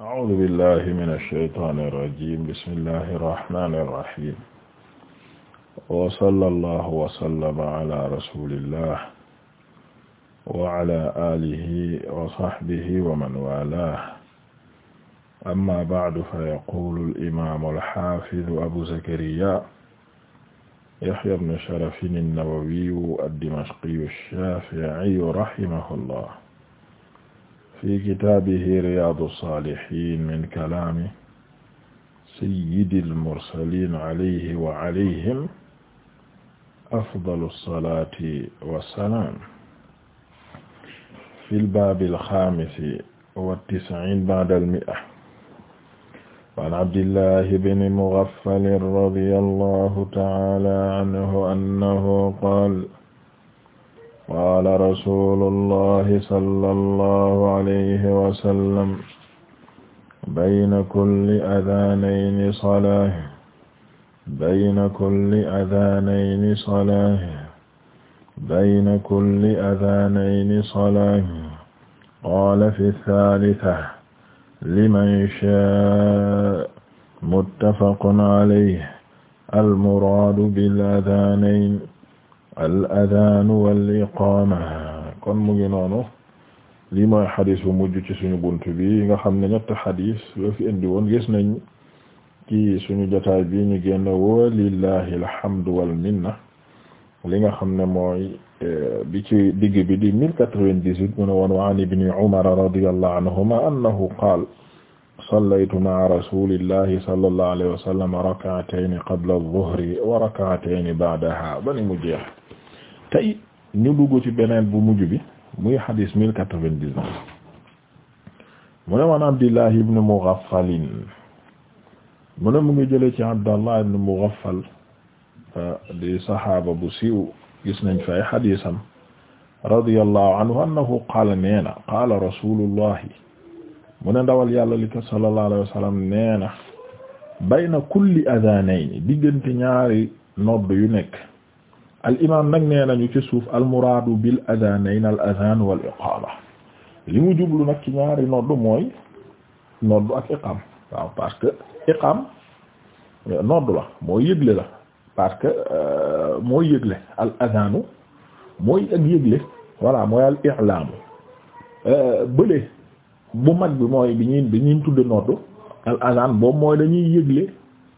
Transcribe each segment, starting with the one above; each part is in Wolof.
أعوذ بالله من الشيطان الرجيم بسم الله الرحمن الرحيم وصلى الله وسلم على رسول الله وعلى آله وصحبه ومن والاه أما بعد فيقول الإمام الحافظ أبو زكريا يحيى بن شرف النووي الدمشقي الشافعي رحمه الله fi kitaabihi riyaadu saalihiin min kalaami sayyidil mursaliin alayhi wa alayhim afdalu salaati wa salaam. fil baabil xaamisi wa tis'iin ba'dal mi'a. an abdillahi bni mughaffal radiyallahu ta'aala anhu annahu qaala qaala rasuulullahi sallallahu alayhi wa sallam bayna kulli adaanayni salaah bayna kulli adaanayni salaah bayna kulli adaanayni salaah qaala fi thaalithati liman shaa'a muttafaqun alayhi al-muraadu bil adaanayni al adanu kon mu ngi noonu lii mooy xadis mu mujj ci suñu bunt bi nga xam ne ñett xadis loo fi indi woon gis nañ ci suñu jotaay bi ñu génn walillahi alhamdu wal minna li nga xam ne mooy eh, bi ci digg bi di 1098 mu ne woon wa an ibni umar radiyallahu anhuma annahu qaala sallaytu ma'a rasulillahi sallallahu alayhi wa sallam rak'atayni qabla adh-dhuhri wa rak'atayni ba'daha bani mu jeex tey ñu dugg ci beneen bu mujj bi muy hadis 1099 mu ne wan Abdillah ibn Mughaffal mu ne mu ngi jëlee ci Abdallah ibn Mughaffal euh, di saxaaba bu siiw gis nañ fay hadisam radiyallahu anhu annahu qaala neena qaala rasulullahi mu ne ndawal yàlla li ko sallallahu alayhi wa sallam nee na bayna kulli adhanayni diggante ñaari nodd yu nekk al imam nag nee nañu ci suuf al muraadu bil adhanayn al adhan wal iqama li mu jublu nag ci ñaari nodd mooy nodd ak iqam waaw parce que iqam euh, nodd la mooy yëgle la parce que euh, mooy yëgle al adhanu mooy ak yëgle voilà mooy al i'lamu euh, bële bu mag bi mooy bi ñuy bi ñuy tudd noddu al azan boobu mooy dañuy yëgle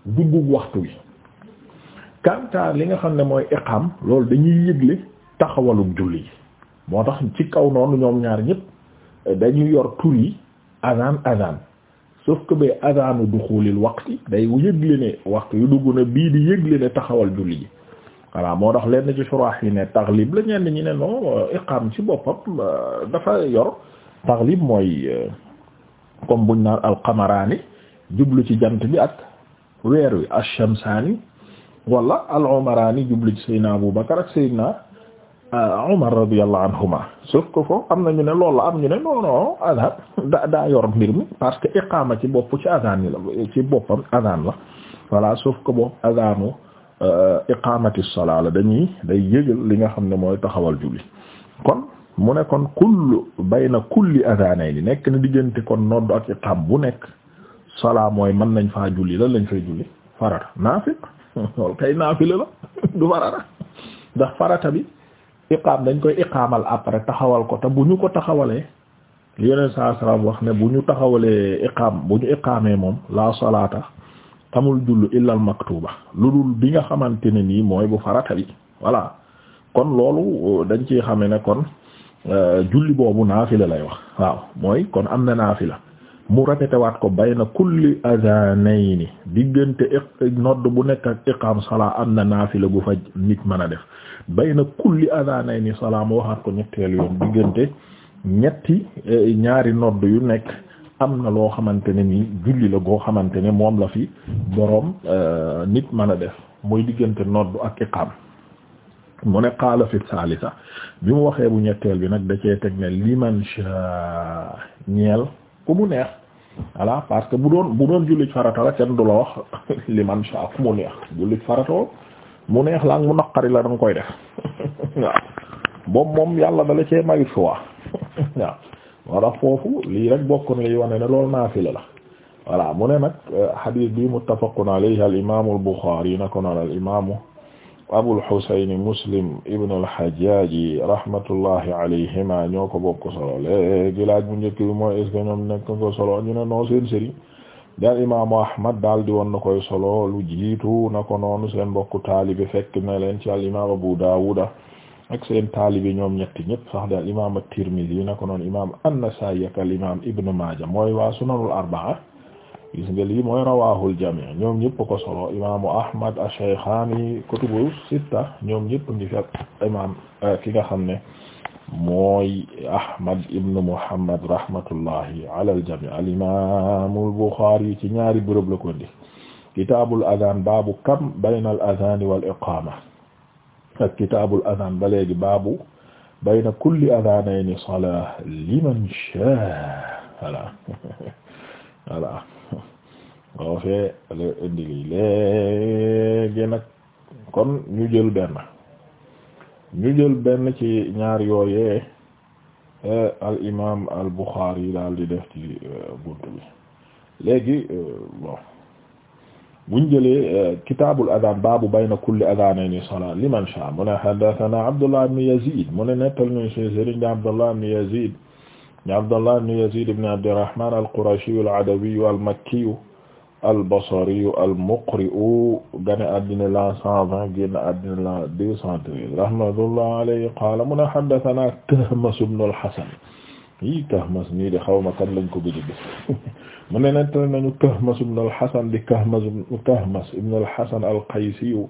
duggu waxtu wi kantaar li nga xam ne mooy iqam loolu dañuy yëgle taxawalum julli yi moo tax ci kaw noonu ñoom ñaar ñëpp eh, dañuy yor tur yi azan azan sauf que du azanu duxulil waqti day yëgle ne waxtu yu dugg na bii di yëgle ne taxawal julli yi voilà moo tax lenn ci suraax yi ne taxlib la ñenn ñi ne non iqam ci boppam euh, dafa yor taglib mooy euh, comme buñ naan alqamaraani jublu ci jant bi ak weer wi alshamsaani walla alomaraani jublu ci saydna Abu Bakar ak saydna euh, Umar radiyallahu anhuma sauf que foofu am na ñu ne lool la am ñu ne non non da yor mbir mi parce que iqaama ci bopp ci adaan yi la ci boppam adaan la voilà adaanu euh, iqaamati salaa la dañuy day yëgal li nga xam ne mooy taxawal julli mu ne kon kullu bayna yi adhanayni nekk na diggante kon nodd ak iqaam bu nekk salaa mooy mën nañ fa julli lan lañ fay julli farata naafil loolu kay naafila la du farata ndax farata bi iqaam dañ koy iqaamal après taxawal ko te bu ñu ko taxawalee li yeneen saa salaam wax ne bu ñu taxawalee iqaam bu ñu iqaamee moom laa salaata amul jullu illal maktuba lu dul bi nga xamante ne nii mooy bu farata bi voilà kon loolu dañ ciy xame ne kon Euh, julli boobu naafila lay wax waaw mooy kon am na naafila mu répété waat ko bayna kulli azanayni diggante nodd bu nekk ak iqam salaa am na naafila bu fa nit mën a def bayna kulli ni salaa mu waxaat ko ñetteel yoon diggante ñetti eh, ñaari nodd yu nekk am na loo xamante ne nii julli la goo xamante ne moom la fi boroom euh, nit mën a def mooy diggante nodd ak iqam mu ne qaala fi salisa bi mu waxee bu ñetteel bi nag da cee teg ne liman sha ñeel ku mu neex voilà parce que bu doon bu doon jullit farata la kenn du la wax liman sha ku mu neex jullit farata mu neex la ak mu naqari la danga koy def waaw moom moom yàlla la cee mayut fi waa waaw moo foofu lii rek bokk na liy wane ne loolu naafila la voilà mu ne nag hadith euh, bi muttafaqun alayhi al imaamu al buxaari na ko noon al imaamu Abul Husayn Muslim ibn al-Hajjaj rahmatullahi alayhima ñoo ko bokk solo léegi laaj bu njëkk bi mooy est ñoom nekk ko solo ñu ne non seen sëriñ daal imaamu Ahmad daal di na koy solo lu jiitu na ko noonu seen mbokku taalibe fekk na leen ci al imaam Abu Daawuda ak seen taalibe ñoom ñetti ñëpp sax daal imaam at-Tirmidhi na ko noonu imaam an-Nasaa'i ak al imaam Ibn Maaja mooy waa sunanul arbaa gis nga lii mooy rawaahul jamii ñoom ñëpp ko solo imaamu Ahmad ash-Shaykhaani kutubu sitta ñoom ñëpp ngi fekk imaam euh, ki nga xam ne mooy Ahmad ibn Muhammad rahmatullahi ala al-jamii al-imaamul Buxaari ci ñaari bërëb la ko indi kitaabul azaan baabu kam bayna al-azaan wal iqaama ak kitaabul azaan ba léegi baabu bayna kulli azaanayni salaa liman shaa voilà voilà. moo fee le indi lii léegi nag kon ñu jël benn ñu jël benn ci ñaar yooyee e, al imaam al Bukhari daal di def ci e, bunt bi léegi e, bon buñ jëlee kitaabul adaan baabu bayna kulli adaanayni salaa liman shaa mu ne haddathana Abdullah ibn Yazid mu ne nettal ñu ci sëriñ Abdullah ibn Yazid Abdullah ibn Yazid ibn Abdirrahman al-Qurashi al-Adawi al-Makki albasariyu almuqri'u gane addina la cent vingt génn addina la deux cent treize rahmatullah alayhi qaala mun a haddathana Kahmas ibn al-Hasan yi Kahmas nii de xawma kan lañ ko gëj a gis mu ne nettali nañu Kahmas ibn al-Hasan di Kahmas Kahmas ibn al-Hasan al-Qaysiyu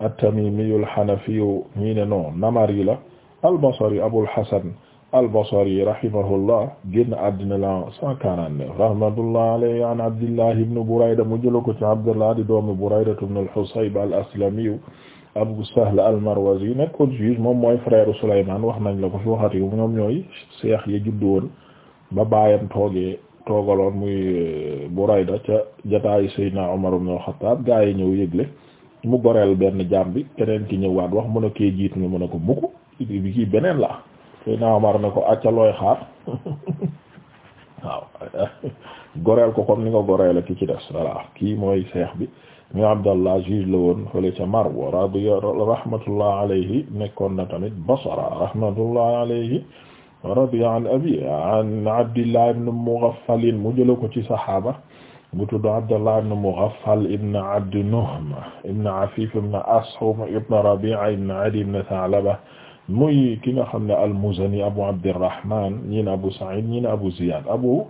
at-Tamimiyu al-Hanafiyu ñii ne non namari la albasari Abul Hasan al-Basri rahimahullah génn àddina la 149 rahmatullah alayhi an Abdullah ibn Burayda mu jëloon ko ci Abdullah di doomu Burayda ibn al-Husayb al-Aslami Abu Sahl al-Marwazi nekkoon juge moom mooy frère Souleymane wax nañ la ko fi waxati wu ñoom ñooy seex ya juddu woon ba baayam toogee toogaloon muy euh, Burayda ca jataayu Seydina Umar ibn al-Khattab gaa yi ñëw yëgle mu goreel benn jaam bi keneen ki ñëwaat wax mu ne kee jiit ñu mu ne ko mukk bi kii beneen la. Seydina Omar ne ko acca looy xaar goreel ko comme ni nga goreele ki ci des kii mooy seex bi ñu Abdallah juge la woon ca Marwa radiya rahmatullah alayhi nekkoon na tamit Basra rahmatullah alayhi wa radiya abi an mu jëla ko ci saxaaba bu tudd Abdallah ibn Mughaffal ibn Abd Nuhm ibn Afif ibn Ashum ibn Rabi'a ibn Adi ibn Tha'laba muy ki nga xam ne al-Muzani Abu Abdirrahman ñii na Abu Sa'id ñii na Abu Ziyad Abu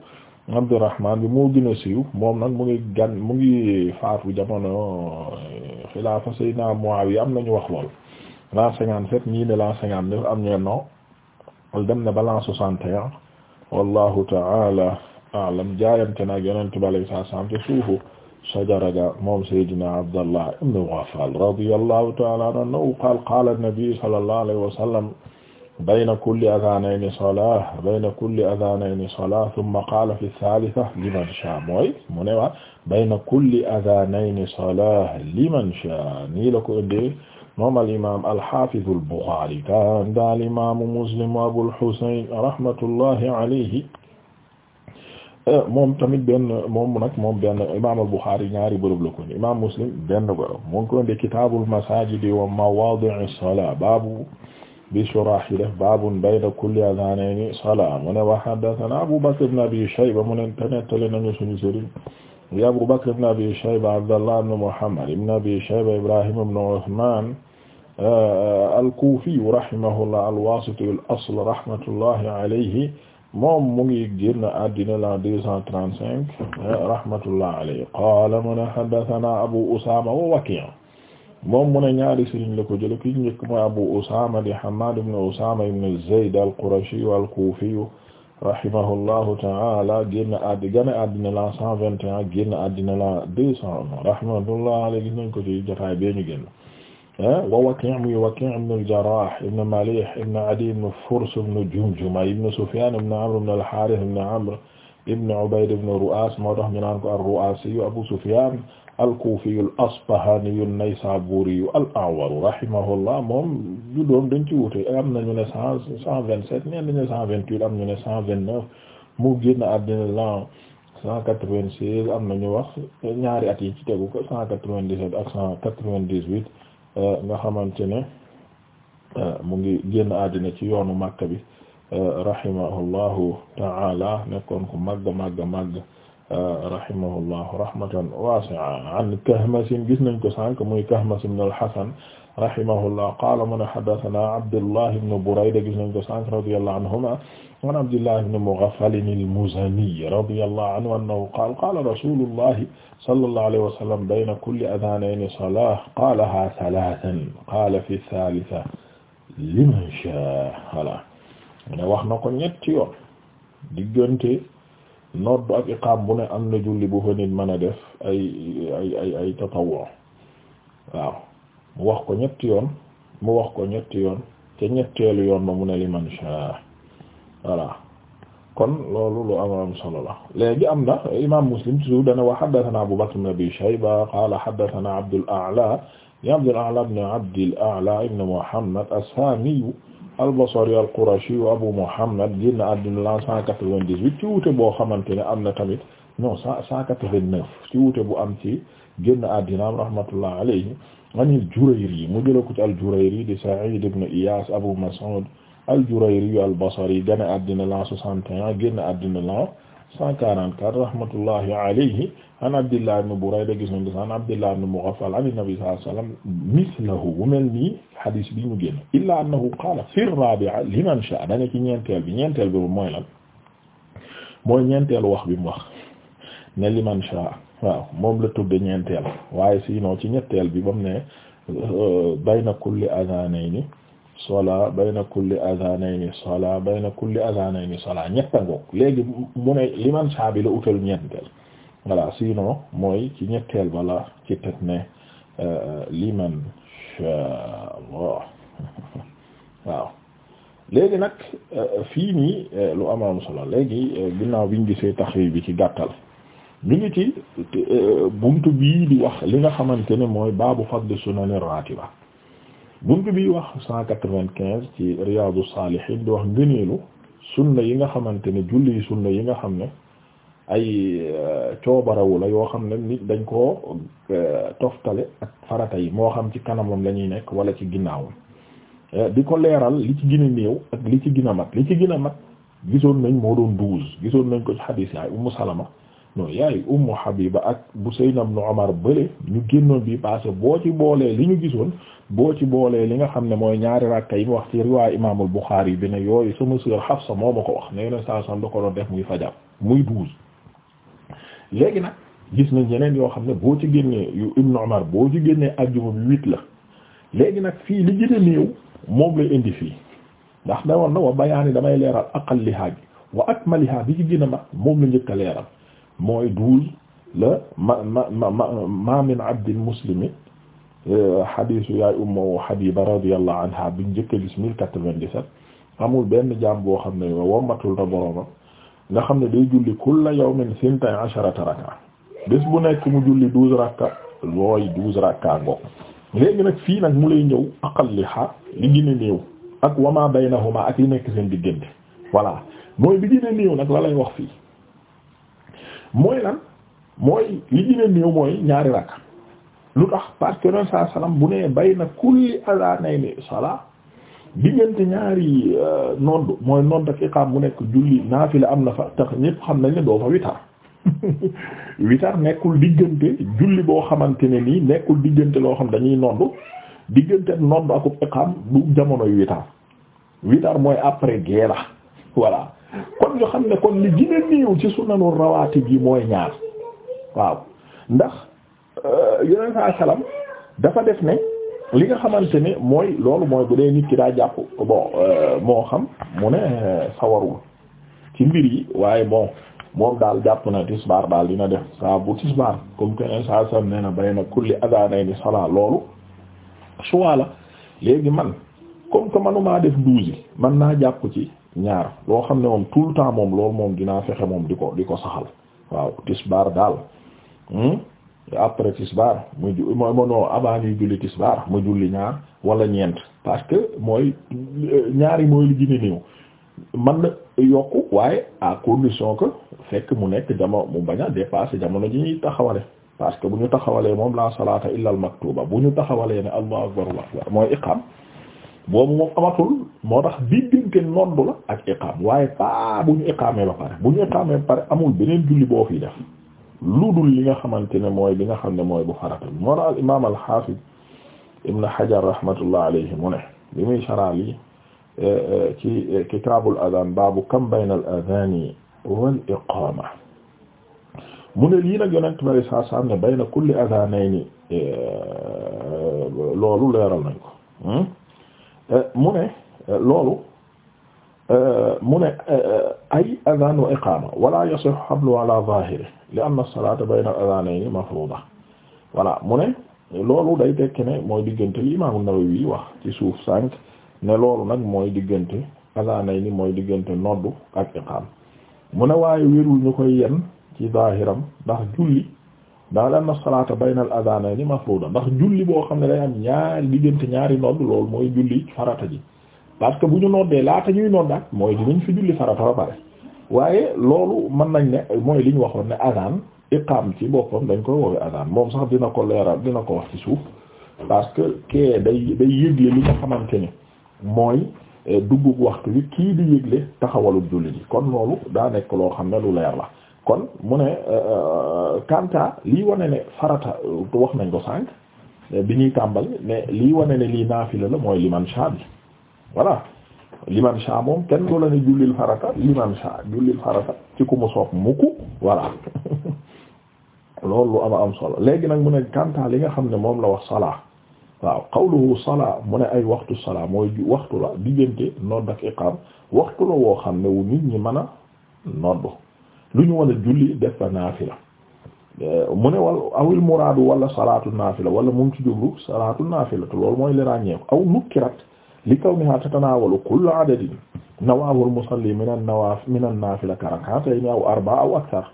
Abdirrahman bi moo gën siiw moom nag mu ngi gan mu ngi faatu jamono euh, xilaafa Sayyidina Muawiya am nañu wax lool l'an cinquante-sept ñii ne l'an cinquante-neuf am ñeen non dem na ba l'an soixante et un wallahu ta'ala a'lam jaayante nag yonent bi alayhi salaam te sajara ga moom Seydina Abdallah ibn Ghafal radiyallahu ta'ala anhu qaala qaala an-nabi sallallahu alayhi wa sallam bayna kulli adhaanayni salaah bayna kulli adhaanayni salaah thumma qaala fi ath-thaalitha liman shaa mooy mu ne wa bayna kulli adhaanayni salaah liman shaa nii la ko indee moom al-imaam al-haafiz al-Bukhaari kan daal imaamu Muslim Abul Husayn rahmatullahi alayhi Euh, moom tamit benn moom nag moom benn imaam al-Bukhari ñaari bërëb la ko ni imaam Muslim benn bërëb mu ngi ko indi kitaabul masaajidi wa mawaadi'i salaa baabu bi shuraahi def baabun bayna kulli adhaanayni salaa mu ne wa haddathanaa Abu Bakr ibn Abi Shayba mu ne te nettali nañu suñu sëriñ yi Abu Bakr ibn Abi Shayba Abdallah ibn Muhammad ibn Abi Shayba Ibrahim ibn Uthman euh, al-Kufi rahimahullah al-Waasiti al-asl rahmatullahi alayhi moom mu ngi génn àddina la 235 rahmatullah alayhi qaala mu ne haddathana Abu Usama wa Waki' moom mu ne ñaari sëriñ la ko jël ki njëkk mooy Abu Usama di Hammad ibn Usama ibn Zayd al-Qurashi al-Kufi rahimahullahu ta'ala génn àddina àddina la 121 génn àddina la 200 rahmatullah alayhi nañ ko ci jotaay bee ñu génn Ah, wa Waki' muy Waki' ibn al-Jarrah ibn Malih ibn Adi ibn Furs ibn Jumjuma ibn Sufyan ibn Amr ibn al-Harith ibn Amr ibn Ubayd ibn Ru'as moo tax ñu naan ko ar-Ru'asi Abu Sufyan al-Kufi al-Asbahani an-Naysaburi al-A'war rahimahullah moom juddoom dañ ci wute am nañu ne cent cent vingt-sept ñenn ñu ne cent vingt-huit am ñu ne cent vingt-neuf mu génn àddina l'an cent quatre-vingt-seize am nañu wax ñaari at yi ci tegu ko cent quatre-vingt-dix-sept ak cent quatre-vingt-dix-huit Euh, nga xamante ne euh, mu ngi génn àddina ci yoonu Makka bi euh, rahimahullahu ta'ala nekkoon ku màgg màgg màgg rahimahullahu rahmatan wasi'a an Kahmas gis nañ ko sànq muy Kahmas ibn al-Hasan rahimahullah qaala mu ne haddathana Abdullah ibn Burayda gis nañ ko sànq radiyallahu anhuma an Abdullah ibn Mughaffal al-Muzani radiyallahu anhu annahu qaala qaala rasulullahi sallallahu alayhi wa sallam bayna kulli adhaanayni salaah qaalahaa thalathan qaala fi thalitha liman shaa'a voilà ne wax na ko ñetti yoon diggante nodd ak iqaam bu ne am na julli bu fa nit mën a def ay ay ay ay tatawwu waaw wax ko ñetti yoon mu wax ko ñetti yoon te ñetteelu yoon ba mu ne liman sha voilà kon loolu lu am solo la léegi am na imaam Muslim toujours dana wa haddathana Abu Bakr ibn Abi Shayba qaala haddathana Abdul A'la ya Abdul A'la ibn Abdil A'la ibn Muhammad as-Sami al-Basri al-Qurashi Abu Muhammad génn àddina la 198 ci wuute boo xamante ne am na tamit non 189 ci wuute bu am ci génn àddina rahmatullah alayhi ani al-Jurayri mu jëla ko ci al-Jurayri di Sa'id ibn Iyas Abu Mas'ud al-Jurayri al-Basri gane addina la 61 génn addina la 144 rahmatullahi alayhi an Abdillah ibn Burayda gis nañ an Abdillah ibn Mughaffal an Nabi sallallahu alayhi wasallam mithlahu bu mel nii hadis bi ñu génn illa annahu qaala fi ar-rabi'a liman sha'a dane ci ñeenteel bi ñeenteel bi mooy lan mooy ñeenteel wax bi mu wax ne liman sha'a waaw moom la tudd ñeenteel waaye sinon ci ñetteel bi bam ne euh, bayna kulli ni sola bayna kulli adhanayni sola bayna kulli adhanayni sola ñettangoog léegi mu ne liman saabi la utal ñeenteel voilà sinon mooy ci ñetteel bala ci teg ne euh, liman sha waaw léegi nag euh, fii nii lu am am solo léegi ginnaaw biñ gisee taxriij bi ci gàttal ñu ngi ci buntu bii di wax li nga xamante ne mooy baabu fadl sunani ratiba buntu bii wax cent quatre-vingt-quinze ci riyaadu saalihiin di wax ngëneelu sunna yi nga xamante ne julli sunna yi nga xam ne ay euh, coobarawu la yoo xam ne nit dañ koo euh, toftale ak farata yi moo xam ci kanamam lañuy nekk wala ci ginnaawam euh, di ko leeral li ci gën a néew ak li ci gën a mat li ci gën a mat gisoon nañ moo doon douze gisoon nañ ko ci xadiis yaay Ummu Salama non yaay ummu habiba ak bu sayyidna ibn umar bële ñu génnoon bi passé boo ci boolee li ñu gisoon boo ci boolee li nga xam ne mooy ñaari rakka yi mu wax ci riwaay imaamul buxaari bi ne yooyu sama sœur Hafsa moo ma ko wax ne yoneen saa sam da ko doon def muy fajar muy douze léegi nag gis nañ yeneen yoo xam ne boo ci génnee yu ibn boo ci génnee ajjuma bi huit la léegi nag fii li gën a néew moom lay indi fii ndax da woon na wa bayaani damay leeral aqalliha bi wa akmaliha bi ci gën a mag la njëkk a mooy douze la ma ma ma ma min abdin muslimi xadiisu eh, yaay ummu Habiba radiyallahu anha biñ njëkk a gis mille quatre-vingt-dix-sept amul ben jaam boo xam ne wommatul na boroomam nga xam ne day julli kulla yawmin sintay asharata raka bés bu nekk mu julli douze rakka looy douze rakka ngoog nag fii nag mu lay ñëw aqalliha li gën a néew ak wama baynahuma ak yi nekk seen diggante voilà mooy bi gën a nag la lay wax fii mooy lan mooy li gën a néew mooy ñaari rakk lu tax parce que ren saa salaam bu nee bay na kulli adhanayni salaa diggante ñaari euh, nodd mooy nodd ak iqaam bu nekk julli la am na fa tax ñëpp xam nañ ne doo fa witar witar nekkul diggante julli boo xamante ne nii nekkul diggante loo xam dañuy nodd diggante nodd akub iqaam du jamonoy witar witar mooy après gée la voilà kon ñu xam ne kon li gën a néew ci sunanu rawaati gi mooy ñaar waaw ndax yeneen saa salam dafa def ne li nga xamante ne mooy loolu mooy bu ne nit ki daa jàpp bon euh, moo xam mu ne euh, sawarul ci mbir yi waaye bon moom daal jàpp na tisbaar daal dina def saa bu tisbaar comme que saa sam nee na bay na kulli adhaanayni salaa loolu choix la léegi man. comme que manumaa def douze man naa jàpp ci ñaar loo xam ne moom tout le temps moom loolu moom dinaa fexe moom di ko di ko saxal waaw tisbaar daal hmm? après tisbaar mu ju ma non avant ñuy julli tisbaar mu julli ñaar wala ñeent parce que mooy euh, ñaari mooy li gën néew man na yokku waaye a condition que fekk mu nekk jamono mu bañ a dépasser jamono ji ñuy taxawale parce que bu ñu taxawalee moom laa salaata illa al maktuba bu ñu taxawalee ne allahu akbar wa akbar mooy iqam boobu moom amatul moo tax diggante noddu la ak iqaam waaye paa bu ñu iqaamee ba pare bu ñu iqaamee ba pare amul beneen julli boo fi def lu dul li nga xamante ne mooy li nga xam ne mooy bu farata bi moo tax al imaam al xaafid hajar rahmatullah alayhi mu ne li muy saraal yi eh, eh, ci eh, kitaabul adaan baabu kam bayna al wal iqaama mu ne lii na yonent bari saa saa ne bayna kulli adaanayni loolu leeral nañ ko hmm? Euh, mu ne euh, loolu euh, mu ne ay adaan wa iqaama wala yasih hablu ala zahiri li anna as-salata bayna al-adhanayn mafruda voilà mu ne loolu day tekki ne mooy diggante li imaamu Nawawi wax ci suuf sànq ne loolu nag mooy diggante adhanayn mooy diggante noddu ak iqaam mu ne waaye wérul ñu koy yen ci zahiram ndax julli ndax lan na salaata baynal adhanayni mafruda ndax julli boo xam ne day am ñaari diggante ñaari nodd loolu mooy julli farata ji parce que bu ñu noddee laata ñuy noddaat mooy ñu fi julli farata ba pare waaye loolu mën nañ ne mooy li ñu waxoon ne adhan iqam ci boppam dañ koy woowee adhan moom sax dina ko leeral dina ko wax ci suuf parce que day day yëgle li nga xamante ni mooy eh, duggub waxtu wi kii di yëgle taxawalul julli ji kon loolu daa nekk loo xam ne lu leer la kon mu ne euh, euh, kanta lii wane ne farata euh, wax nañ ko sànq bi ñuy tàmbali mais lii wane ne lii naafila la mooy liman sha bi voilà liman sha moom kenn du la ne jullil farata liman sha jullil farata ci ku mu soob mukk voilà loolu ama am solo léegi nag mu ne kanta li nga xam ne moom la wax salaa waaw qawluhu salaa mu ne ay waxtu salaa mooy waxtu la diggante nodd ak iqaam waxtu la woo xam ne wu nit ñi mën a nodd lu ñu war a julli def fa naafila eh, mu ne wal awil muraadu wala salaatu naafila wala mu ngi ci jublu salaatu naafila te loolu mooy li ràññeeku aw nukkirat li kawniha tatanaawalu kullu adadin nawaahul musalli min an nawaaf min an naafila karakatayni aw arba'a aw akthar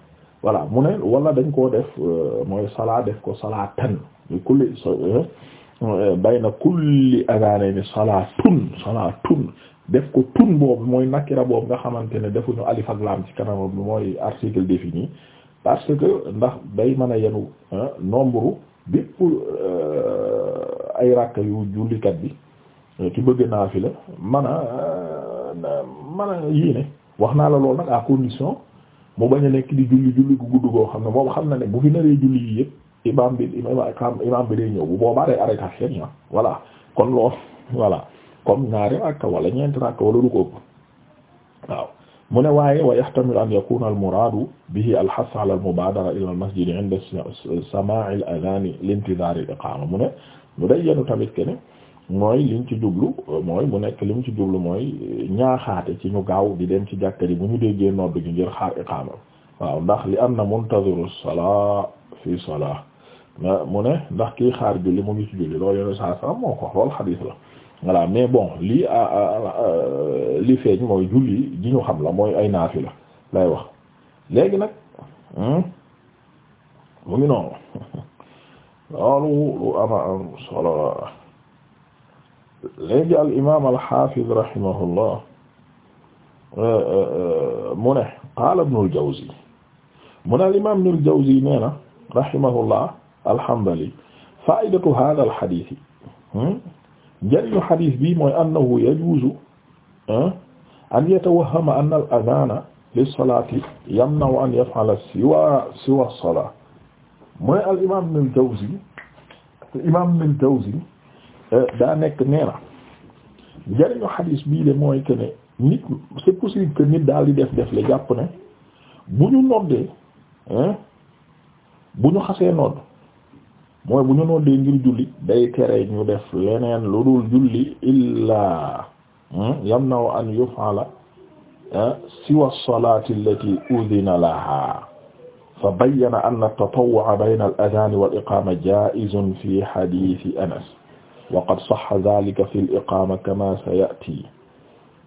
voilà mu ne wala dañ koo def eh, mooy salaa def ko salaatan li kulli eh, bayna kulli salaatun salaatun def ko tun boobu mooy nakira boobu nga xamante ne defuñu alif ak laam ci kanamam mooy article défini parce que ndax day mën a yenu nombre bépp euh, ay rakk yu jullikat bi euh, ki bëgg naa fi la man a euh, man a yéene wax naa la loolu nag à condition mu bañ a nekk di julli julli gu gudd koo xam ne moom xam na ne bu fi naree julli yi yëpp imam bi imam bi day ñëw bu boobaa day arrêté xeen ya voilà kon loolu voilà comme ñaari rakka wala ñeenti rakka wala lu ko ëpp mu ne waaye wa yahtamilu an yakuna al muraadu bihi al hass ala al mubaadara ila al masjid inda samaa'i al adhaani li intizaari al iqaama mu ne mu day yenu tamit kene mooy liñ ci jublu mooy mu nekk liñ ci jublu mooy ñaaxaate ci ñu gaaw di dem ci jàkka ji bu ñu déggee nodd gi ngir xaar iqaama waaw ndax li am na muntaziru salaa fi salaa mu ne ndax kii xaar julli mu ngi ci julli loolu yeneen saa moo ko lool xadiis la voilà mais bon lii ah, ah, ah, euh, li feeñ mooy julli ji ñu xam mooy ay naafi la lay wax léegi nag hmm? mu ngi noonu loolu lu ama solo léegi al imaam al euh, euh, mu ne qaala ibnul jawzi mu ne al imaam ibnul jawzi nee na rahimahullah alhamdulillah faa'idatu haadhal hmm? njëriñu xadiis bi mooy annahu yajuuzu ah, an yatawahhama anna al-adhaana lis-salaati yamna'u an yaf'ala siwa siwa as-salaat mooy al-imaam Ibn al-Jawzi imaam Ibn al-Jawzi eh, daa nekk nee na njëriñu xadiis bii de mooy que ne nit c'est possible que nit daal di def def le jàpp ne bu ñu noddee eh, bu ñu xasee nodd mooy bu ñu noddee ngir julli day tere ñu def leneen lu dul julli illaa hmm, yamnaw an yuf'ala eh, siwa as-salati allati udhina laha fa bayyana anna at-tatawwu'a bayna al-adhan wal-iqama ja'izun fi hadith Anas wa qad sahha dhalika fi al-iqama kama sayati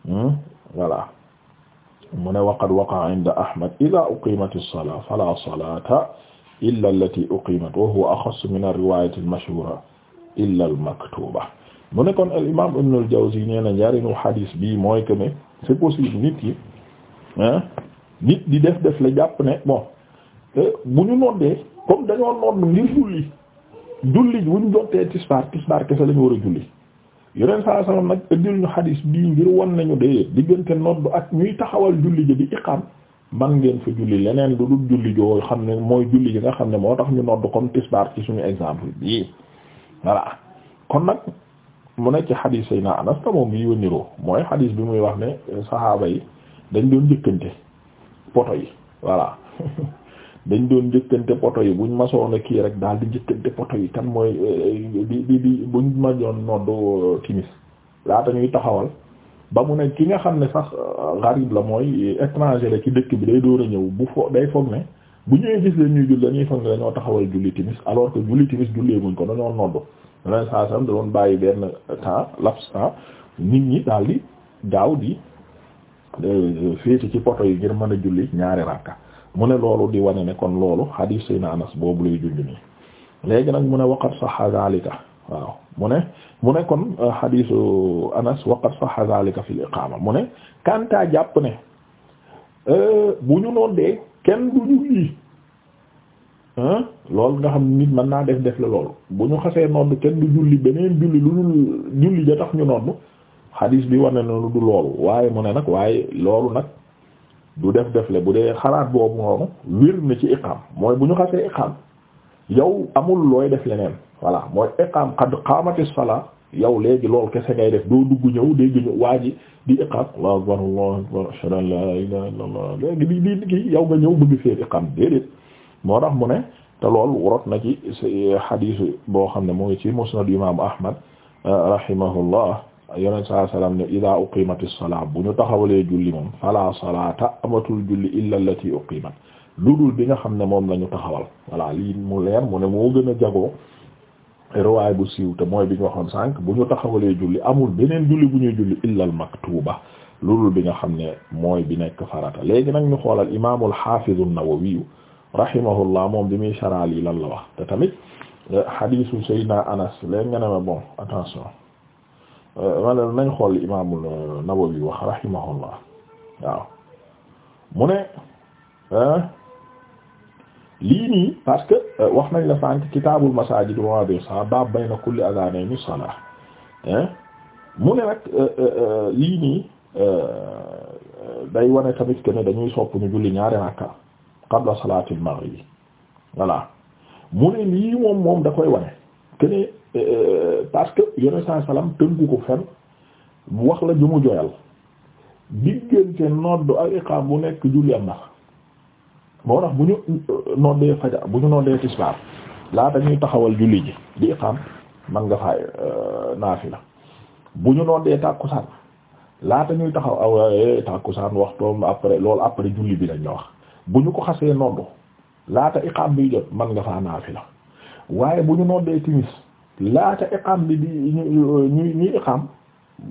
hmm, voilà mu ne wa qad waqa'a 'inda Ahmad idha uqimat as-salatu fala salata illa allati uqimat wa huwa axassu min ar-riwaayati al-mashhuura illa al-maktuuba mu ne kon al imaam Ibn al-Jawzi nee na njariñu hadis bii mooy que ne c'est possible nit yi nit di def def la jàpp ne bon bu ñu noddee comme dañoo nodd ngir julli julli bu ñu dontee tisbaar tisbaar kese la ñu war a julli yeneen saa salaam nag indil ñu hadis bii ngir won nañu de diggante nodd ak ñuy taxawal julli ji di iqaam. man ngeen fa julli leneen lu dul julli joo xam ne mooy julli ji nga xam ne moo tax ñu nodd comme tisbaar ci suñu exemple bii voilà kon nag mu nekk ci xadiis Seydina Anas ta moom bi wa niroo mooy xadiis bi muy wax ne saxaaba yi dañ doon njëkkante poto yi voilà dañ doon njëkkante poto yi buñ masoon a kii rek daal di njëkkante poto yi kan mooy eh, di di di buñ ma doon nodd timis laata ñuy taxawal ba mu ne ki nga xam ne sax euh, garib la mooy étranger la ci dëkk bi day door a ñëw bu fo day foog ne bu ñëwee gis leen ñuy julli dañuy foog ne dañoo taxawal julli timis alors que julli timis jullee guñ ko dañoo noddu yeneen saa sam da doon bàyyi benn temps laps temps nit ñi daal di gaaw di euh, féete ci poto yi ngir mën a julli ñaari rakka mu ne loolu di wane ne kon loolu hadith sayna Anas boobu lay junj léegi nag mu ne waqat saxa zalika waaw mu ne mu ne kon euh, hadisu Anas waqad sahha zalika fil iqama mu ne kanta jàpp ne euh, bu ñu noon dee kenn du ñu loolu nga xam nit mën naa def def la loolu bu ñu xasee nodd kenn du julli beneen julli lu dul julli da tax ñu nodd xadiis bi war na ne du loolu waaye mu ne nag waaye loolu nag du def def la bu dee xalaat boobu noonu wér na ci iqam mooy bu ñu xasee iqam yow amul looy def leneen voilà mooy iqaam qad qaamati salaa yow léegi lool kese ngay def doo dugg ñëw dégg ñu waa ji di iqaam allahu akbar allahu akbar ashhadu an la ilaha illallah léegi di di kii yow nga ñëw bëgg fee iqaam déedéet moo tax mu ne te lool rot na ci xadiis boo xam ne mu ngi ci musnad imaamu ahmad rahimahullah yonent saa salaam ne idaa uqimatis salaa bu ñu taxawalee julli moom falaa salaata amatul julli illa allati uqimat bi nga xam ne moom lañu taxawal voilà lii mu leer mu ne moo gën a jagoo riwaay bu siiw te mooy bi ñu waxoon sànq bu ñu taxawalee julli amul beneen julli bu ñuy julli illal maktuba loolu bi nga xam ne mooy bi nekk farata léegi nag ñu xoolal imaamul xaafizu nawawiyu rahimahullah moom bi muy saraal yi lan la wax te tamit xadiisu eh, Seydina Anas léegi nga ne ma bon attention eh, ma ne nañ xool imaamul nawawi wax rahimahullah waaw mu ne eh, lii nii parce que euh, wax nañ la sànq kitaabul masaajid mawaadi'u salaat baab bayna kulli adhaanayni salaat mu ne nag euh, euh, lii nii day wane tamit que ne dañuy sopp ñu julli ñaari rakka qabla salaatil maghrib voilà mu ne lii moom moom da koy wane que parce que yonent saa salaam tënku ko fenn wax la ju mu joyal diggante nodd ak iqaam bu nekk julli am na. moo tax bu ñu euh, noddee fajar bu ñu noddee tisbaar laata ñuy taxawal julli ji di iqaam man nga fa euh, naafi la bu ñu noddee tàkkusaan laata ñuy taxaw aw ah tàkkusaan waxtoom après lool après julli bi lañ la wax bu ñu ko xasee noddu laata iqaam bi jot man nga faa la waaye bu ñu noddee timis laata iqaam bi di ñu ñu ñu iqaam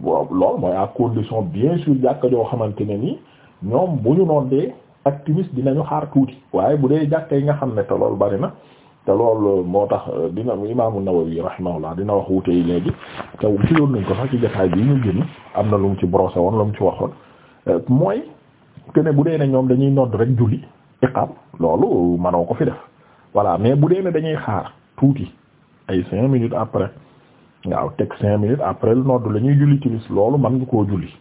loolu mooy à condition bien sûr jàkka joo xamante ne ni ñoom bu ñu noddee ak timis dinañu xaar tuuti waaye bu dee jàkka yi nga xam ne te lool bari na te lool moo tax euh, dina imaamu Nawawi laa dina wax wuute yi léegi te ci loolu nañ ko ci jotaay bi ñu génn am na lu mu ci brossé woon lu mu ci waxoon euh, mooy que bu dee ne ñoom dañuy nodd rek julli iqam loolu manoo ko fi def voilà mais bu dee ne dañuy xaar tuuti ay cinq minutes après waaw teg cinq minutes après lu nodd lañuy ñuy julli timis loolu mën nga ko julli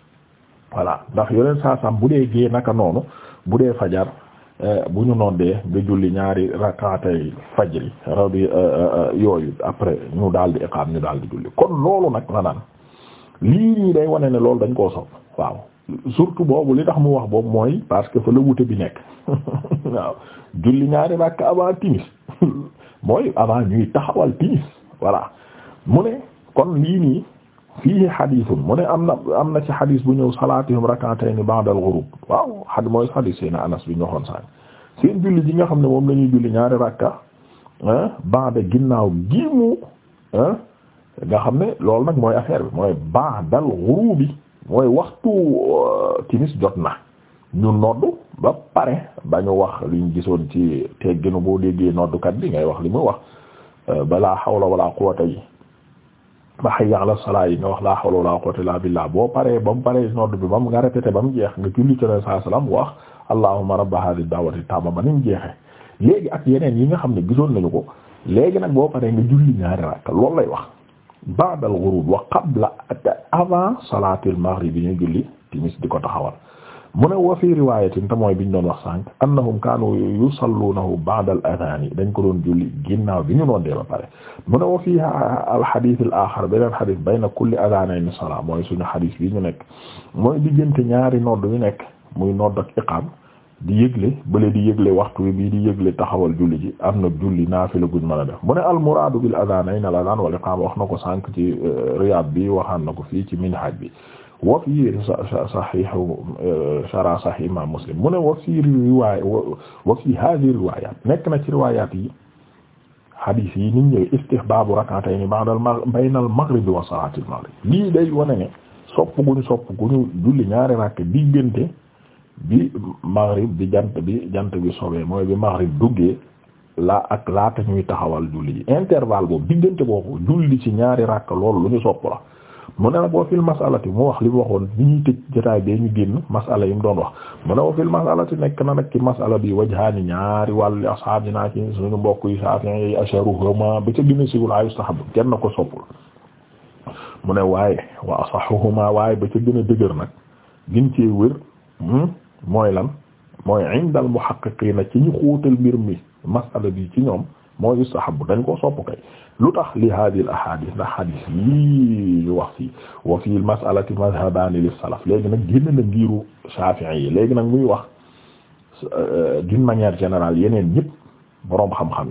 voilà ndax yeneen saa sam bu dee gée naka noonu bu dee fajar eh, bu ñu noddee nga julli ñaari rakaatay fajri rabi eh, eh, yooyu après ñu daal di iqaam ñu daal di julli kon loolu nag la naan lii nii day wane ne loolu dañ koo sopp waaw surtout boobu li tax mu wax boobu mooy parce que fa la wute bi nekk waaw julli ñaari rakk timis mooy avant ñuy taxawal timis voilà mu ne kon lii nii fii xadiisun mu ne am na am na ci xadiis bu ñëw salaatihum rak'atayni ba'da al-ghurub waaw xad mooy xadiis seen anas bi ñu waxoon sànq seen julli ji nga xam ne moom la ñuy julli ñaari rakka ba'da ginnaaw gi mu nga xam ne loolu nag mooy affaire bi mooy ba'da al mooy waxtu euh, timis jot na ñu noddu ba pare ba ñu wax liñ gisoon ci tegginu boo déggee noddukat bi ngay wax li muy wax euh, balaa hawla wala quwwata yi ba hayya ala salaa yi nga wax laa hawla wala quwwata illa billah boo paree ba mu paree nodd bi ba mu nga répété ba mu jeex nga julli ci saa salaam wax allahumma rabba hadhihi da'wati tamma ba ni mu jeexee léegi ak yeneen yi nga xam ne gisoon nañu ko léegi nag boo paree nga julli ñaari rakka loolu lay wax ba'da al-ghurub wa qabla avant salatul maghrib yi ñu julli timis di ko taxawal mu woo wa fi riwaayatin te mooy biñ doon wax sànq annahum kaanu yusalluunahu ba'da al-adhaan dañ ko doon julli ginnaaw bi ñu doon dee ba pare mu ne wa fii al-hadith al-aaxar beneen hadith bayna kulli adhaanayn salaa mooy suñu hadith bi ñu nekk mooy diggante ñaari nodd yu nekk muy nodd ak iqaam di yëgle di yëgle waxtu wi bii di yëgle taxawal julli ji am na juli naafila guñ mën a def mu ne al-muraadu bil adhaanayn al-adhaan wal iqaam wax na ko sànq ci euh, Riyaad bi waxaan na ko fii ci Minhaj bi. wa fi sahih euh, shara sahih imam muslim mu ne wa fi riwaaya wa riwaayaat nekk na ci riwaayaat yi hadith yi niñ ñëw istihbaabu rak'atayni ba'dal baynal maghrib wa salaatil maghrib lii day wane ne sopp guñu sopp guñu julli ñaari rakk diggante bi maghrib bi jant bi jant bi sobee mooy bi maghrib duggee laa ak laata ñuy taxawal julli yi intervalle boobu diggante boobu julli ci ñaari rakk loolu lu ñu sopp la mu ne la boo fil masalati mu wax li mu waxoon bi ñuy tëj jotaay bee ñu génn masala yi mu doon wax mu ne wa fil masalati nekk na nag masala bi wajhaani ñaari wàlli ashaabina ci suñu mbokk yi saafin yi asharuhuma ba ca gëna sigul ay mustahab kenn ko soppul mu ne waaye wa asahuhuma waaye ba ca gën a dëgër nag gin cee wér hmm, mooy lan mooy indal muhaqqiqina ci ñu xóotal mbir mi masala bi ci ñoom mooy istahabu dañ koo sopp kay lu tax li hadhihi al ahadith ndax hadith yi wax si wa fi al mas'alati madhhabani lis salaf léegi nag génn na ngiru Shafi'i yi léegi nag muy wax euh, d'une manière générale yeneen ñëpp boroom xam-xam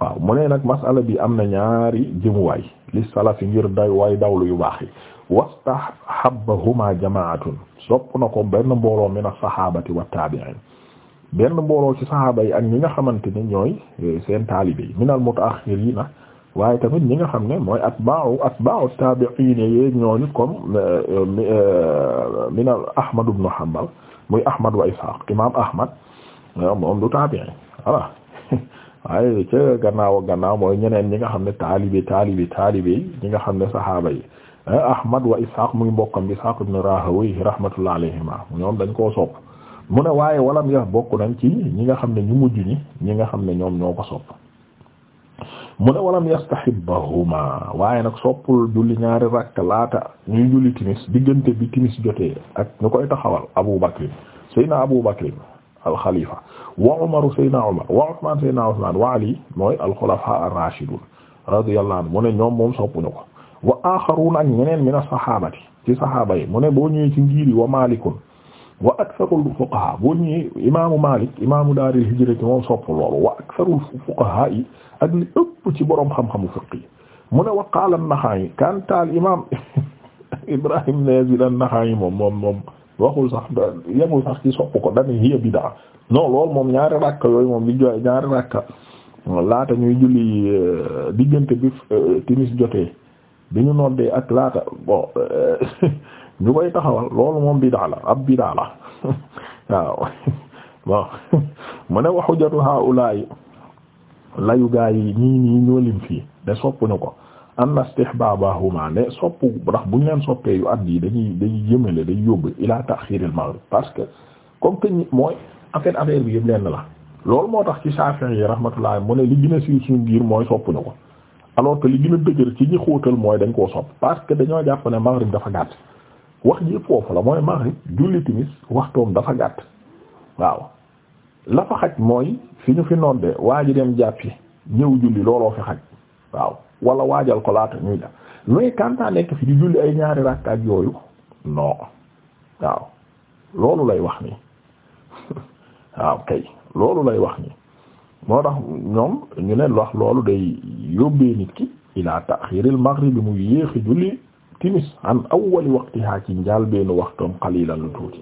waaw mu ne nag mas'ala bi am na ñaari jëmuwaay lis salaf ngir day way dawlu yu baax yi wastahabbahuma jamaatun sopp na ko benn mbooloo min as-sahabati wat tabi'in benn mbooloo ci saxaaba yi ak ñi nga xamante ne ñooy eh, seen taalibe yi minal mutaaxiriina waaye tamit ñi nga xam ne mooy atba'u atba'u taabi'iin yeeg ñooñu comme eh, eh, minal Ahmad ibn Hanbal muy Ahmad wa Ishaq imaam Ahmad moom du taabi'i gannaaw gannaaw mooy ñeneen ñi nga xam ne taalibe taalibe taalibe yi ñi nga xam ne saxaaba yi Ahmad wa Ishaq muy mbokkam bi Ishaq ibn Rahawayh rahmatullah alayhima ñoom dañ koo sopp mu ne waaye walam yax bokk nañ ci ñi nga xam ne ñu mujj ñi ñi nga xam ne ñoom ñoo ko sopp mu ne walam yastahibbahuma waaye nag soppul julli ñaari rakk laata ñuy julli timis diggante bi timis jotee ak ñu koy taxawal Abu Bakr Seydina Abu Bakr al-Khalifa wa Umar Seydina Umar wa Usman Seydina Usman wa Ali mooy al-khulafa ar-rashidun radiyallahu anhu mu ne ñoom moom soppuñu ko wa axaruna ak ñeneen mina sahabati ci sahaba yi mu ne boo ñëwee ci ngiir yi wa malikun wa aktharul fuqaha boo ñëwee imaamu Malik imaamu daaril hijra moom sopp loolu wa aktharul fuqaha yi ak li ëpp ci borom xam-xamu fiqh yi mu ne wa qaala an kantaal imaam Ibrahim ibn Yazid an-Naxa'i moom moom moom waxul sax yemul sax ci sopp ko dañuy hiya bid'a non loolu moom ñaari rakka yooyu moom li jooy ñaari rakka laata ñuy julli euh, diggante bi euh, timis jotee bi ñu noddee ak laata bon euh, ñu koy taxawal loolu moom bidaa la ab bidaa la waaw bon mu ne waxu jotu haulaay layu gaa yi ñii ñii ñoo lim fii de soppuñu ko am na istihbabahuma ne soppu ndax buñ leen soppee yu at yi dañuy dañuy jëmale day yóbbu ila ta'khiril maghrib parce que comme que mooy affaire affaire bi yëpp lenn la loolu moo tax ci Shafi'i yi rahmatullah mu ne li gën a siiw suñu biir mooy soppuñu ko alors que li gën a dëgër ci ñi xóotal mooy dañ koo sopp parce que dañoo jàpp ne maghrib dafa gàtt wax ji foofu la mooy maghrib julli timis waxtoom dafa gàtt waaw la fa xaj mooy fi ñu fi nodde waa ji dem jàppi ñëw julli looloo fi xaj waaw wala waajal ko laata ñuy def looy kanta ay ñaari rakk ak yooyu non loolu lay wax nii waaw lay wax tax ñoom ñu ne wax loolu day yóbbee nit ki ila taxiril maghrib bi mu yéexi julli timis an awwali waqtiha ci njaal benn waxtoom qalilan lu tuuti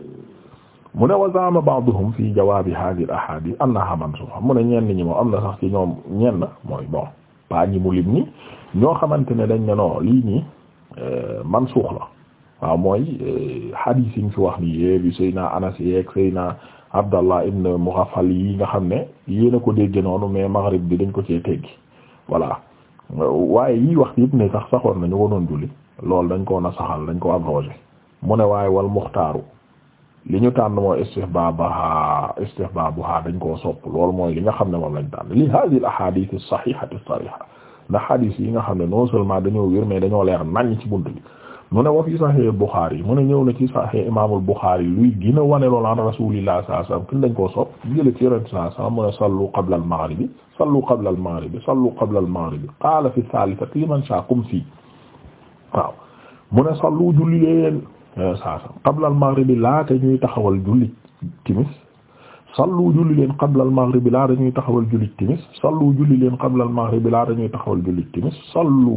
mu ne wa zaama ba'duhum fi jawaabi hadhihi al ahadith annaha mansuuxa mu ne ñenn am na sax ci ñoom ñenn mooy bon pas ñi mu lim ni ñoo xamante ne dañ ne non lii ñi euh, mansuux la waaw mooy euh, hadith yi ñu fi wax ni yéeg yu Seyna Anas yeeg Seyna Abdallah ibn Mughaffal yi nga xam ne yéen ko dégg noonu mais maghrib bi dañ ko cee teggi voilà waaye yi wax yëpp ne sax saxoon nañu wanoon julli loolu dañ ko na saxal dañ ko abrogé mu ne waaye wal muxtaaru li ñu tànn mooy istihbaabaha istihbaabuha dañ koo sopp loolu mooy li nga xam ne moom lañ tànn li hadihi al ahadith as sahihati as ndax hadith yi nga xam ne non seulement dañoo wér mais dañoo leer nañ ci bunt bi mu ne wa fi sahih Bukhari mu ne ñëw na ci sahih imaamul Bukhari luy gën a wane loolu an Rasulillah sallallahu alayhi wasallam kin dañ koo sopp jële ci Yonent sallallahu alayhi wasallam mu ne sallu qabla al-maghribi sallu qabla al-maghribi sallu qabla al-maghribi qaala fi thalithati liman shaakum fii waaw mu ne sallu julli leen sallallahu alayhi wasallam qabla al-maghribi laata ñuy taxawal julli timis sallu julli leen qabla al maghrib laata ñuy taxawal julli timis sallu julli leen qabla al maghrib laata ñuy taxawal julli timis sallu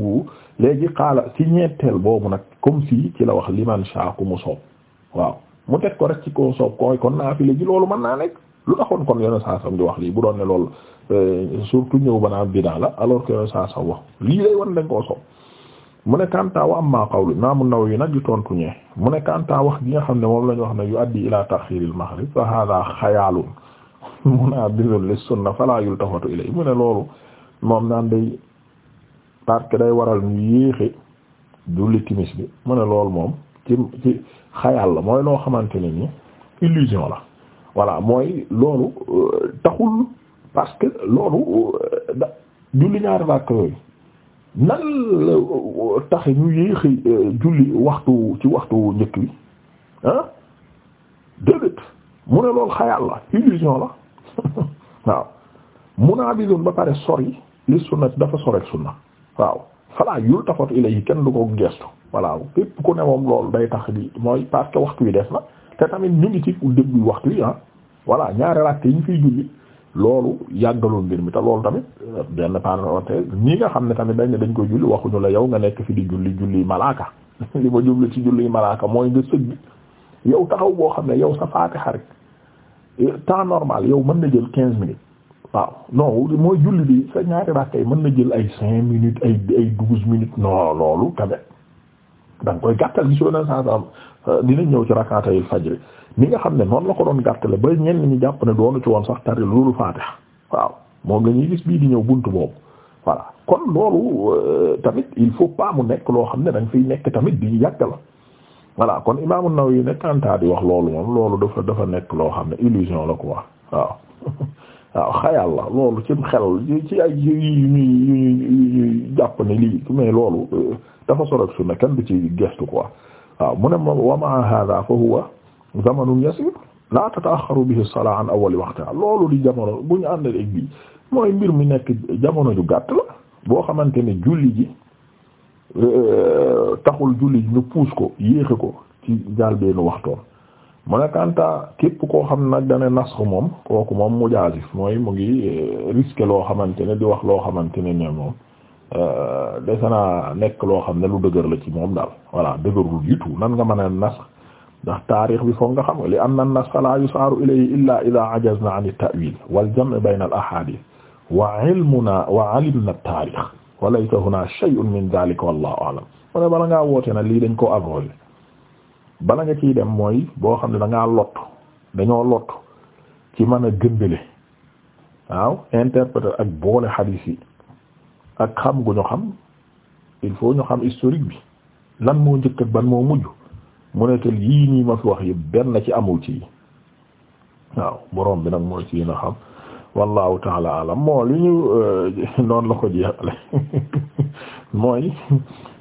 léegi xaala ci ñetteel boobu nag comme si ci la wax liman sha ku mu soob waaw mu teg ko rek ci koo soob kooy kon naafila ji loolu mën naa nekk lu taxoon kon yeneen saa sam di wax lii bu doon ne loolu euh, surtout ñëw ba bi bidaa la alors que yeneen saa sam wax lii lay wan dañ koo soob. mu ne kanta wa amma naa mu naw yi nag di tontu ñe mu ne kanta wax gi nga xam ne moom la ñu wax na yu addi ila taxir al-maghrib fa hada xayaalun munabidun ah, lis-sunna fala yultafatu ilay mu ne loolu moom naan day parce que day waral ñu yéexe julli timis bi mu ne loolu moom ci ci xayaal la mooy loo xamante ni illusion la voilà mooy loolu euh, taxul parce que loolu euh, da julli ñaari ràkk yooyu nan la euh, tax ñu yéexi euh, julli waxtu ci waxtu njëkk bi ah déedéet mu ne loolu xayaal la illusion la waaw munaabidun ba pare sori li sunna dafa sori ak sunna waaw falaa yultafat ilayhi kenn du ko gestu voilà képp ku ne moom loolu day tax mooy parce waxtu wi des na te tamit ñu ngi ci début waxtu wi ah voilà ñaari rakk yi ñu fiy julli loolu yàggaloo mbir mi te loolu tamit euh, benn parenthèse ñi nga xam ne tamit dañ ne dañ koy julli waxuñu la yow nga nekk fi di julli julli malaaka li ma jublu ci julli malaaka mooy nga sëgg yow taxaw boo xam ne yow sa faatiha rek euh, temps normal yow mën na jël quinze minutes waaw no mooy julli bi sa ñaari rakka yi mën na jël ay cinq minutes ay ay douze minutes non loolu tamit da nga koy gàttal gisoo na saa euh, dina ñëw ci rakkaatayil fajri ni nga xam ne noonu la ko doon gàttale ba ñenn ñi jàpp ne doonu ci woon sax tari loolu faatiha waaw moom la ñuy gis bii di ñëw bunt boobu voilà kon loolu euh, tamit il faut pas mu nekk loo xam ne dañ nga fiy nekk tamit di yàggal voilà kon Imaam naw yi ne Kantaa di wax loolu moom loolu dafa dafa nekk loo xam ne illusion la quoi waaw waaw xayal la loolu ci xel ci ay yu ñuy jàpp ne lii mais loolu euh, dafa sori su ne kenn du ci gestu quoi waaw mu ne ma zamanun yasir la tata'akhkharu bihi salaa an awwali waqtiha loolu di jamono bu ñu àndal ak bii mooy mbir mi nekk jamono ju gàtt la boo xamante ne julli ji euh, taxul julli ji ñu puus ko yéexe ko ci jaal benn waxtoon mu ne kanta képp koo xam nag dane nasx moom kooku moom mu jaasif mooy mu ngi euh, risqué loo xamante ne di wax loo xamante ne ne moom euh, dese naa nekk loo xam ne lu dëgër la ci moom daal voilà dëgërul du nan nga mën a nasx ndax taarix bi foog nga xam li anna an la yusaaru ilayhi illa idha ajazna an at-ta'wil wal jam' bayna al-ahadith wa ilmuna wa alimna at-taarix wa laysa huna shay'un min bala ngaa woote na lii dañ ko avoyé bala nga kii dem mooy boo xam ne da ngaa dañoo lot ci mën a gëndale waaw interpréter ak boole hadith yi ak xam gu xam il faut ñu xam historique bi lan moo njëkk ban moo mujj. mu ne te yii nii ma fi wax yëpp benn ci amul ci waaw borom bi nag moo ci gën a xam wallahu taala alam moo li ñu euh, noonu la ko jeexale mooy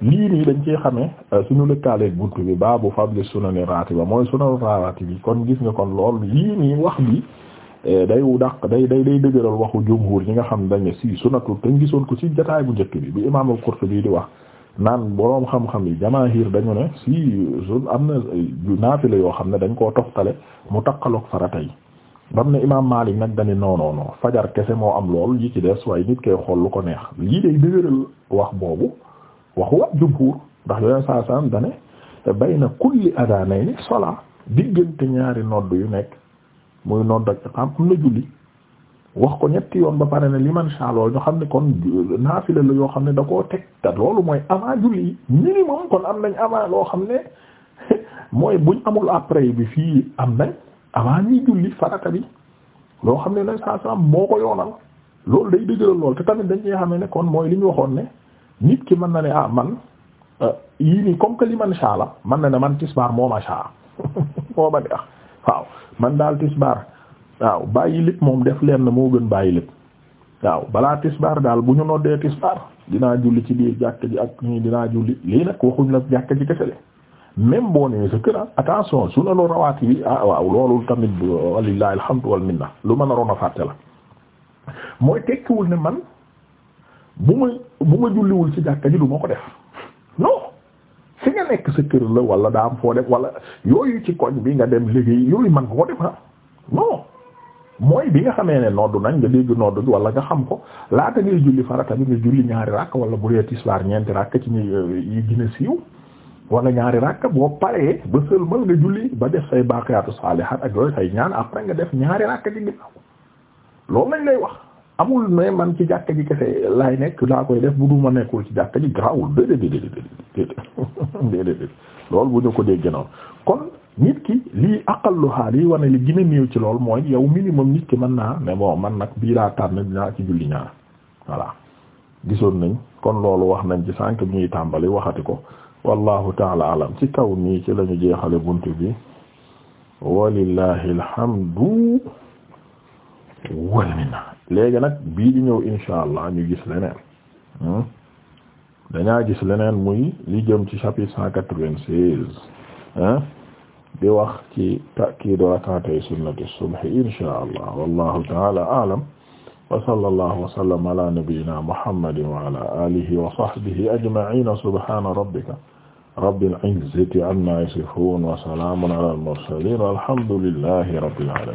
lii nii dañ ciy xamee euh, suñu lëkkaaleeg buntu bi baabu fadli sunani ratiba mooy sunanu ratiba kon gis nga kon lool lii nii wax bi euh, day dàq day day day dëgëral waxu jumhur ñi nga xam dañ ne si sunatu te gisoon ko ci jotaay bu njëkk bi bi imaam al-Qurtubi di wax naan boroom xam-xam yi jamaahir dañu ne si zone am na naafila yoo xam ne dañ koo toftale mu takkaloog farata yi bam ne imaam Maalik nag dañu non fajar kese moo am lool yi ci des waaye nit koy xool lu ko neex lii day dëgëral wax boobu waxu wa jumhuur ndax yeneen saa saan dañu ne bayna kulli adaanayni salaa diggante ñaari nodd yu nekk muy nodd ak am na julli. wax ko ñetti yoon ba pare na li man sha lool ñu xam ne kon naafila la yoo xam ne da koo teg te loolu mooy avant julli minimum kon am nañ avant loo xam ne mooy buñ amul après bi fii am nañ avant ñuy julli farata bi loo xam ne nañ saa saa moo ko yoonal loolu day dëgëral lool te tamit dañ cee xam ne kon mooy li ñu waxoon ne nit ki mën na ne ah man euh, yii nii comme que li man sha la man na ne man tisbaar moo ma sha moo a neex waaw man daal tisbaar waaw bàyyi lépp moom def leen na moo gën bàyyi lépp waaw balaa tisbaar daal bu ñu noddee tisbaar dinaa julli ci biir jàkk ji ak ñii dinaa julli lii nag waxuñ la jàkk ji kese même boo nee sa kër attention su na lu rawaati bi ah waaw loolu tamit walillahi lu mën a ron a fàtte la mooy tekkiwul ne man bu ma bu ma julliwul ci jàkka ji du ma ko def non fi nga nekk sa kër la wala daa am foo def wala yooyu ci koñ bi nga dem liggéey yooyu man nga ko ah. mooy bi nga xamee ne noddu nañ nga dégg noddu bi wala nga xam ko laata ngay julli farata bi nga julli ñaari rakk wala bu dee tisbaar ñeenti rakk ci ñi euh, gën a siiw wala ñaari rakk boo paree ba sëlmal nga julli ba def say baaqiyaatu saalihaat ak yooyu say ñaan après nga def ñaari rakk ci ginnaaw loolu lañ lay wax amul ne man ci jàkka ji kese laay nekk laa koy def bu du ma nekkul ci jàkka ji grawul déedéet déedéet déedéet déedéet loolu bu ñu ko déggee noonu kon nit ki lii aqalluha lii wane li gën a néew ci lool mooy yow minimum nit ki mën naa ne bon man nag bii laa tànn dinaa ci julli ñaar voilà gisoon nañ kon loolu wax nañ ci sànq bi ñuy tàmbali waxati ko wallahu taala alam ci kaw nii ci lañu jeexale bunt bi walillahi alhamdu wal léegi nag bii di ñëw insha allah ñu gis leneen hmm? dañaa gis leneen muy li jëm ci chapitre cent quatre-vingt-seize hein hmm? di wax ci ta'kiidu rakaatay sunnati subhi inshaa allah wallahu taala a'lam wa sallallahu wa sallam ala nabiyyina muhammadin wa ala alihi wa sahbihi ajma'iina subhaana rabbika rabbil izzati amma yasifun wa salaamun ala al-mursaliin walhamdulillahi rabbil aalamiin